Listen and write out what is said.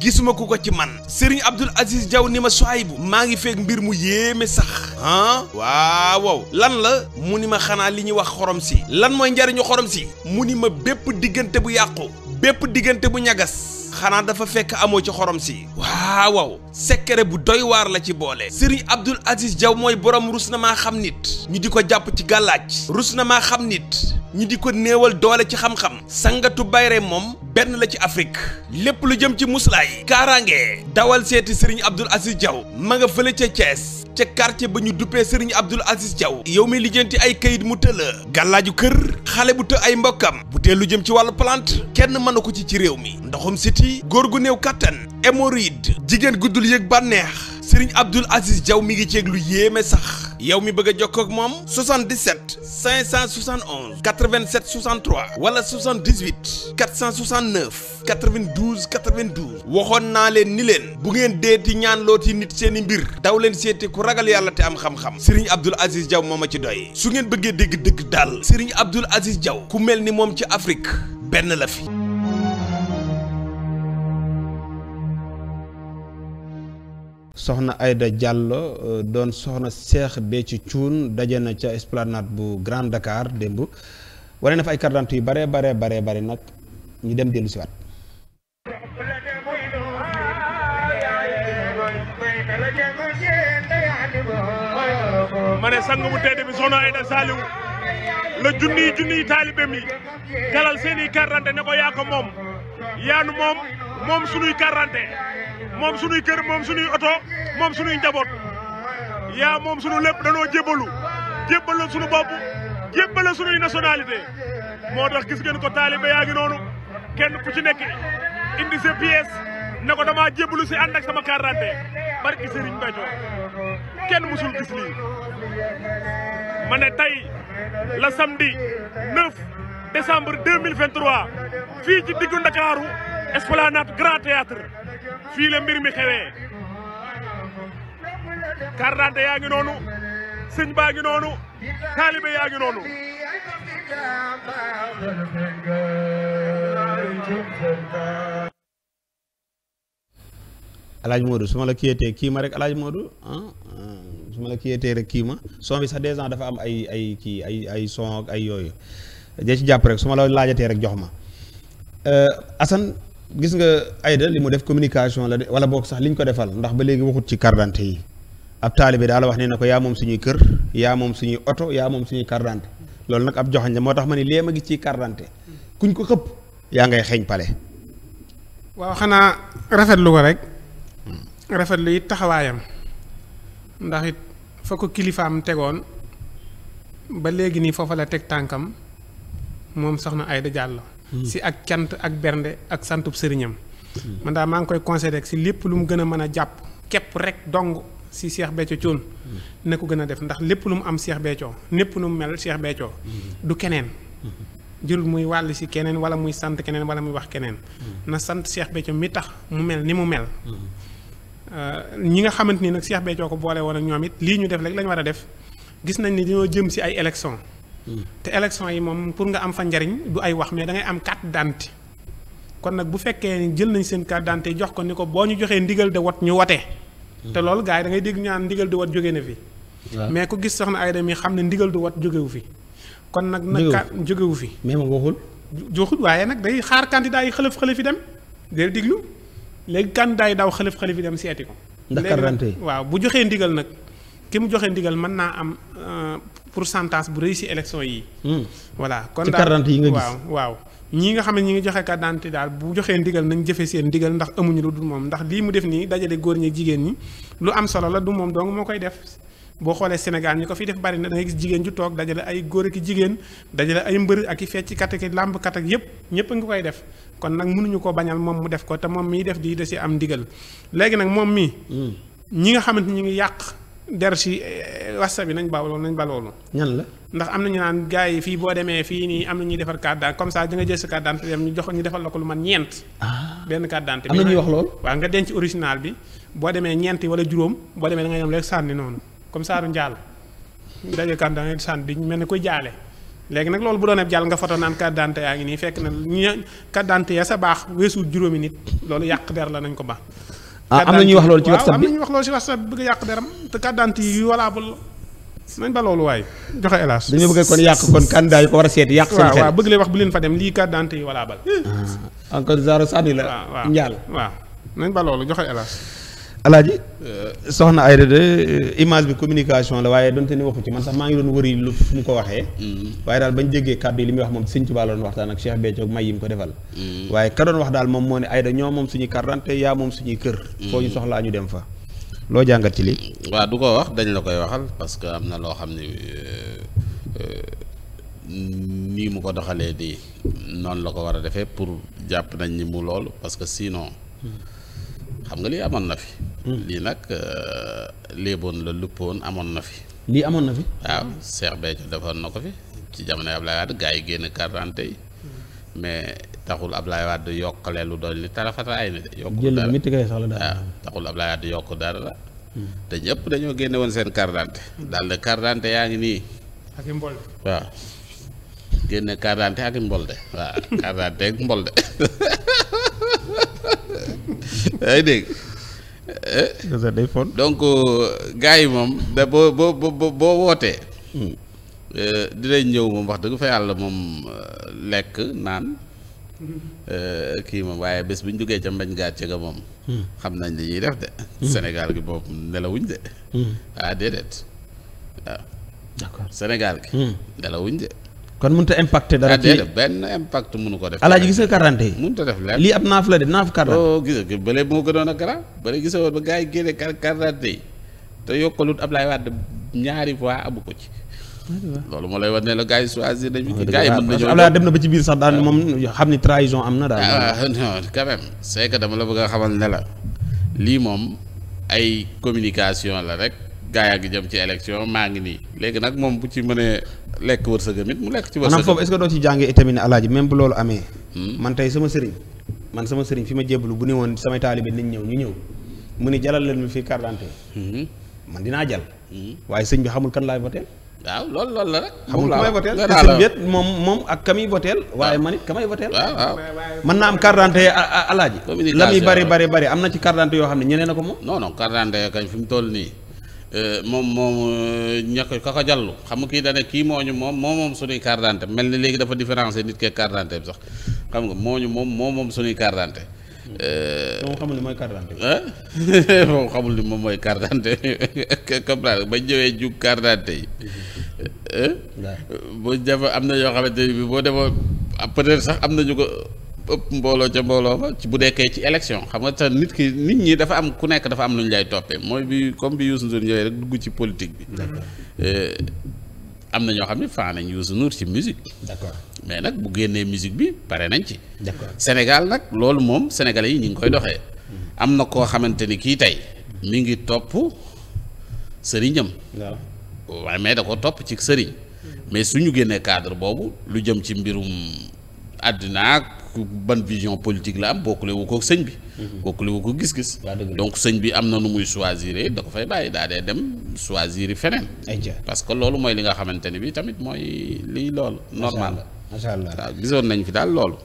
gisuma ku ko ci man Serigne Abdoul Aziz Diaw ni ma bu maa ngi feeg mbir mu yéeme sax ah waaw lan la mu ni ma xanaa li ñuy wax xorom si lan mooy njariñu xorom si mu ni ma bépp diggante bu yàqu bépp diggante bu ñagas xanaa dafa fekk amoo ci xorom si waaw secret bu doy waar la ci boole Serigne Abdoul Aziz jaw mooy borom rus na maa xam nit ñu di ko jàpp ci gàllaaj rus na maa xam nit ñi di ko néewal doole ci xam-xam sangatu bayre moom benn la ci Afrique lépp lu jëm ci muslaay kaaraange dawal seeti Serigne Abdoul Aziz Diaw ma nga fële ca cees ca quartier ba ñu duppee Serigne Abdoul Aziz Diaw yow mi lijjanti ay kayit mu tëla gàllaaju kër xale bu të ay mbokkam bu lu jëm ci wàllu plante kenn mënu ko ci ci réew mi ndoxum siti góor gu néew kattan hémorroïde jigéen guddul yëg bànneex Serigne Abdoul Aziz Diaw mi ngi ceeg lu yéeme sax yow mi bëgg a jokkoo ak moom 77 571 87 63 wala 78 469 92 92 waxoon naa leen ni leen bu ngeen deeti ñaan yi nit seeni mbir daw leen seeti ku ragal yàlla te am xam-xam Serigne Abdoul Aziz Diaw moo ma ci doy su ngeen bëggee dégg dëgg daal Serigne Abdoul Aziz Diaw ku mel ni moom ci Afrique benn la fi. soxna ayda Diallo euh, doon soxna Cheikh Béthio Thioune daje na ca esplanade bu Grand Dakar démb wane na fa ay carte d'identité yu bare bare bare bare nag ñu dem dellu siwaat ma ne sang bu bi soxna Aida Saliou la junniy junniy taalibe mi galal seeni carte ne ko yaa moom yaanu moom moom sunuy carte moom suñuy kër moom suñuy oto moom suñuy njaboot yaa moom suñu lépp danoo jébbalu jébbal suñu bopp jébbal suñuy nationalité moo tax gis ngeen ko taalibe yaa ngi kenn ku ci nekk indi sa pièce ne ko damaa jébbalu si ànd ak sama carte barki Serigne kenn musul gis lii ma ne tey la samedi 9 décembre 2023 fii ci diggu Ndakaaru Esplanade Grand Théâtre fii la mbir mi xewee kardante yaa ngi noonu sëñ baa ngi noonu taalibe yaa ngi noonu alaaj Modou su ma la kiyatee kii ma rek alaaj Modou ah, ah, ma la kiyatee rek kii ma son bi sax deux ans dafa am ay ay kii ay ay son ak ay yooyu dee ci jàpp rek su ma la laajatee rek jox ma euh, Assane gis nga Aida li mu def communication la de wala boog sax liñ ko defal ndax ba léegi waxut ci carte d'identité yi ab taalibe daal wax nee na ko yaa moom suñuy kër yaa moom suñuy oto yaa moom suñuy carte loolu nag ab joxañ la moo tax ma ne lee ma gis ci carte d'identité kuñ ko xëpp yaa ngay xeeñ pale waaw xanaa rafetlu ko rek rafetlu it taxawaayam ndax it fa ko kilifaam tegoon ba léegi nii foofa la teg tànkam moom soxna Aida Diallo Mm. si ak cant ak bernde ak santub sëriñam mm. man maa ngi koy conseillé rek si lépp lu mu gën a mën a jàpp képp rek dong si Cheikh Béthio Thioune mm. na ko gën a def ndax lépp lu mu am Cheikh Béthio népp lu mu mel Cheikh Béthio du keneen mm-hmm. jërul muy wàll si keneen wala muy sant keneen wala muy wax keneen na sant Cheikh Béthio mi tax mu mel ni mu mel mm-hmm. euh, ñi nga xamante ni nag Cheikh Béthio ko boole woon ak ñoom it lii ñu def rek la war a def gis nañ ni dañoo jëm si ay élection te élection yi moom pour nga am fa njariñ du ay wax mais da ngay am carte d'identité kon nag bu fekkee jël nañ seen carte d'identité jox ko ni ko boo ñu joxee ndigal de wat ñu watee te hmm. loolu gars yi da ngay dégg ñaan ndigal di wat jógee na fi mais ku gis soxna Aïda mi xam ne ndigal du wat jógewu fi kon nag nag jógewu fi mais moom waxul joxul waaye nag day xaar candidat yi xëlëf xëlëf yi dem day diglu léegi candidat yi daw xëlëf xëlëf yi dem seeti ko ndax carte waaw bu joxee ndigal nag ki mu joxee ndigal mën naa am euh, pour pourcentage bu réy si élection yi. Hmm. voilà kon daal ci carte yi nga gis waaw waaw. ñii nga xam ne ñi ngi joxe carte daal bu joxee ndigal nañ jëfe seen ndigal ndax amuñu lu dul moom ndax lii mu def nii dajale góor ñi jigéen ñi lu am solo la du moom dong moo koy def. boo xoolee Sénégal ñi ko fi def bari na da gis jigéen ju toog dajale ay góor ak jigéen dajale ay mbër ak i fecc kat làmb kat ak yëpp ñëpp nga koy def kon nag munuñu ko bañal moom mu def ko te moom miy def di da si am ndigal léegi nag moom mi hmm. ñi nga xamante ñi ngi yàq der si eh, eh, wasa bi nañ ba loolu nañ ba loolu. ñan la ndax am nañu naan gars yi fii boo demee fii nii am na ñuy defar carte comme ça di nga jël ñu jox ñu defal la ko lu man ñeent. Ah. benn carte d'identité. am na ñuy wax loolu. bi boo demee ñeenti wala juróom boo demee da sànni noonu comme saaru njaal daje carte da mel ne koy jaale. léegi nag loolu bu doon ab jàll nga foto naan carte d'identité yaa ngi nii fekk na ñu carte d'identité ya sa baax weesu juróomi nit loolu yàq der la nañ ko ba ah am na ñuy wax loolu ci whatsapp bi am na ñuy wax loolu ci whatsapp bi bëgg yàq deram te carte d'identité yi valable nañ ba loolu waaye joxe hélas. dañoo bëgg kon yàq kon candidat yi ko war a seet yàq. seen xel bëgg lay wax bu leen fa dem lii carte d'identité yi valable. Ah, encore zéro la. waaw waaw njaal waaw nañ ba loolu joxe hélas. alaaji euh, soxna Ayda de euh, image bi communication la waaye donte ni waxu ci man sax maa ngi doon wëri lu fu mu ko waxee mm. waaye daal bañ déggee kàddu yi li muy wax moom Sëñ Tuubaa la doon waxtaan ak Cheikh Béthio may yi mu ko defal mm. waaye ka doon wax daal moom moo ne Ayda ñoo moom suñuy karante yaa moom suñuy kër mm. foo ñu soxlaa ñu dem fa loo jàngat ci lii waa du ko wax dañ la koy waxal parce que am na loo xam ne euh, nii mu ko doxalee di noonu la ko war a defee pour jàpp nañ ni mu parce que sinon xam nga lii amoon na fi Mm. lii nag euh, léeboon la luppoon amoon na fi. lii amoon na fi. waaw Cheikh Béthio defoon na ko fi ci jamonoy Ablaye Wade gaa yi génn quarante yi mm. mais taxul Ablaye Wade yokkale lu doon ni tarafata ay na de. yokku dara jël mitigay sax la waaw taxul Ablaye Wade yokk dara la. Mm. te ñëpp dañoo génne woon seen carte d'identité daal yaa ngi nii. ak i mbolde waaw génne carte ak i mbolde waaw carte ak mbolde yaa ngi dégg. Eh? donc euh, gars yi moom da boo boo boo boo wootee. di hmm. euh, dinañ ñëw moom wax dëgg fa yàlla moom euh, lekk naan. Hmm. kii moom waaye bés bu ñu duggee ca mbañ gàcce ga moom. Hmm. xam nañ li ñuy def de. Sénégal gi boobu nelawuñ de. ah déedéet waaw. d'accord gi. nelawuñ de. kon mënut a impacté dara ah, ci benn impact mënu ko def. alaaji gis nga quarante yi. mënut a def lenn lii ab naaf la de naaf quarante. oh gis nga bële a garaaw. bële gis nga yi génne quarante yi te yokkalut Ablaye Wade ñaari fois abu ko ci. loolu moo lay wax ne la gars yi choisir nañu. gars yi mën nañoo Ablaye dem na ba ci biir sax daal moom xam ni trahison am na daal. Ah, non dama la bëgg a xamal ne la lii moom ay communication la rek. gaa yaa ngi jëm ci élection maa ngi nii léegi nag moom bu ci mënee lekk wërsëgam it mu lekk ci wërsëgam maanaam foofu est-ce que doo ci jàngee itamit ne alaaji même bu loolu amee hmm? man tey sama sama sëriñ fi ma jébbalu bu ne woon samay taalibe nañ ñëw ñu ñëw mu ne jalal leen mi fii carte d'identité hmm? man dinaa jal hmm? waaye sëñ bi xamul kan laay voteel waaw loolu loolu la rek xamul ku may voteel it moom moom ak ka muy waaye man it ka may voteel waaw mën naa am carte d'identité alaaji la muy bari bari bari am na ci carte d'identité yoo xam ne ñeneen a ko moom non non carte kañ fi toll nii Euh, moom moom euh, ñàkk ka ko jàllu xam nga kii da kii mooñu ñu moom moo moom suñuy carte mel ni léegi dafa différencier nit kee carte d'identité bi sax xam nga mooñu moom moo moom suñuy carte d'identité. Euh, moom xamul ni mooy carte d'identité. moom mooy carte d'identité comprendre ba ñëwee jug carte yi. bu jafe am na yoo xamante ne bii boo demoon peut-être sax am na ñu ko. ëpp mbooloo ca mbooloo ba bu dekkee ci élection xam nit ki nit ñi dafa am ku nekk dafa am lu ñu lay toppee mooy bi comme bi Youssou Ndour ñëwee rek dugg ci politique bi. Eh, am na ñoo xam ne faa nañ Youssou Ndour ci musique. d'accord mais nag bu génnee musique bi pare nañ ci. d'accord Sénégal nag loolu moom sénégal yi ñu ngi koy doxee. Mm-hmm. am na koo xamante ni kii tey. mi ngi topp sëriñam. waaw waaye mais da ko topp ci sëriñ. Mm-hmm. mais su ñu génnee cadre boobu lu jëm ci mbirum àddina ak ban vision politique la am bokkule wu ko sëñ bi. Mhm. bokkule wu ko gis-gis. donc sëñ bi am na nu muy choisir da ko fay bàyyi daa dee dem choisir feneen. parce que loolu mooy li nga xamante ne bi tamit mooy lii lool normal macha allah waaw gisoon nañ fi daal loolu.